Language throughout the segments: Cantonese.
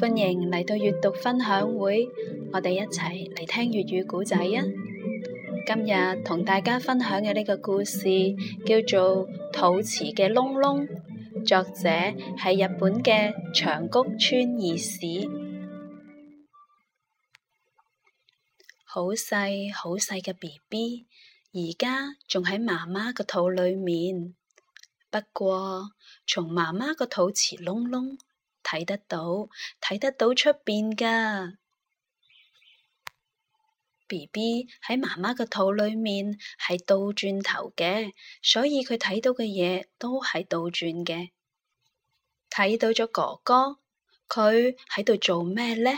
歡迎嚟到閱讀分享會，我哋一齊嚟聽粵語故仔啊！今日同大家分享嘅呢個故事叫做《肚臍嘅窿窿》，作者係日本嘅長谷川義史。 好細好細嘅 B B，而家仲喺媽媽個肚裏面。不過，從媽媽個肚臍窿窿。睇得到，睇得到出邊噶。B B 喺媽媽嘅肚裏面係倒轉頭嘅，所以佢睇到嘅嘢都係倒轉嘅。睇到咗哥哥，佢喺度做咩呢？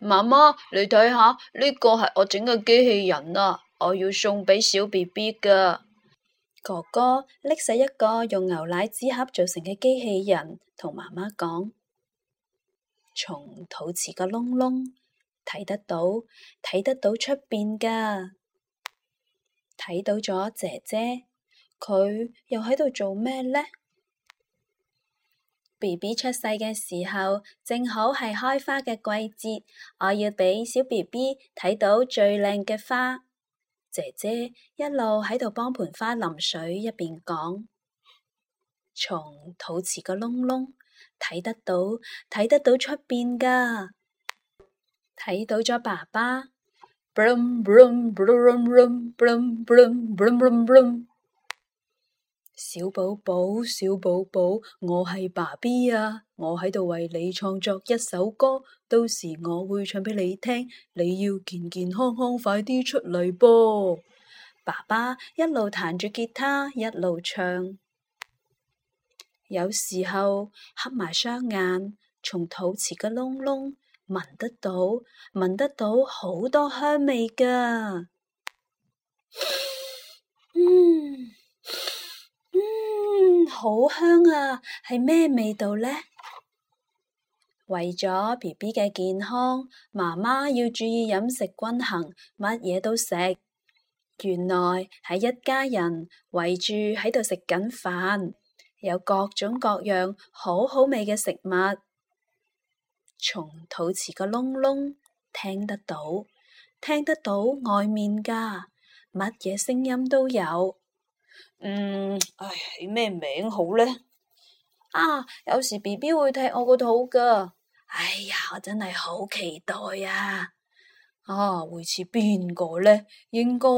媽媽，你睇下呢個係我整嘅機器人啊，我要送俾小 B B 嘅。哥哥拎晒一個用牛奶紙盒做成嘅機器人，同媽媽講：從肚臍個窿窿睇得到，睇得到出邊噶，睇到咗姐姐。佢又喺度做咩呢？BB 出世嘅時候，正好係開花嘅季節，我要俾小 B B 睇到最靚嘅花。姐姐一路喺度幫盆花淋水，一邊講：從肚臍個窿窿睇得到，睇得到出邊㗎，睇到咗爸爸。小寶寶，小寶寶，我係爸比啊！我喺度為你創作一首歌，到時我會唱俾你聽。你要健健康康，快啲出嚟噃！爸爸一路彈住吉他，一路唱。有時候黑埋雙眼，從肚臍嘅窿窿聞得到，聞得到好多香味㗎。好香啊！係咩味道呢？為咗 B B 嘅健康，媽媽要注意飲食均衡，乜嘢都食。原來係一家人圍住喺度食緊飯，有各種各樣好好味嘅食物。從肚臍個窿窿聽得到，聽得到外面噶，乜嘢聲音都有。嗯，唉、哎，起咩名好呢？啊，有時 B B 會踢我個肚噶，哎呀，我真係好期待呀，啊！啊，會似邊個呢？應該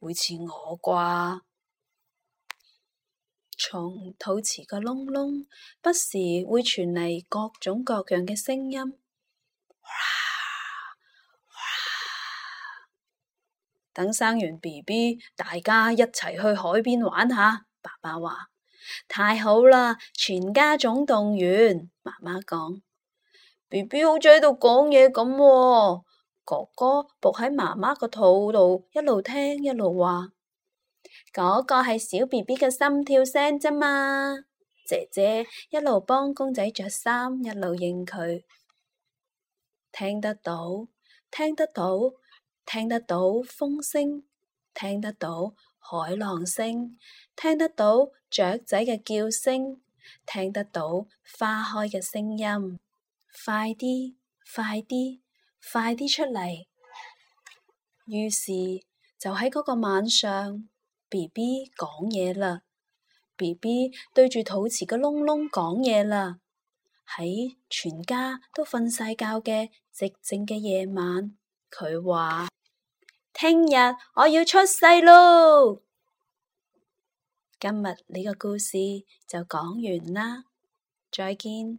會似我啩。從肚臍個窿窿，不時會傳嚟各種各樣嘅聲音。等生完 B B，大家一齊去海邊玩下。爸爸話太好啦，全家總動員。媽媽講 B B 好似喺度講嘢咁，哥哥伏喺媽媽個肚度，一路聽一路話。嗰個係小 B B 嘅心跳聲咋嘛。姐姐一路幫公仔着衫，一路應佢，聽得到，聽得到。聽得到風聲，聽得到海浪聲，聽得到雀仔嘅叫聲，聽得到花開嘅聲音。快啲，快啲，快啲出嚟！於是就喺嗰個晚上，BB 講嘢啦，BB 對住肚臍個窿窿講嘢啦。喺全家都瞓晒覺嘅寂靜嘅夜晚，佢話。聽日我要出世咯！今日呢個故事就講完啦，再見。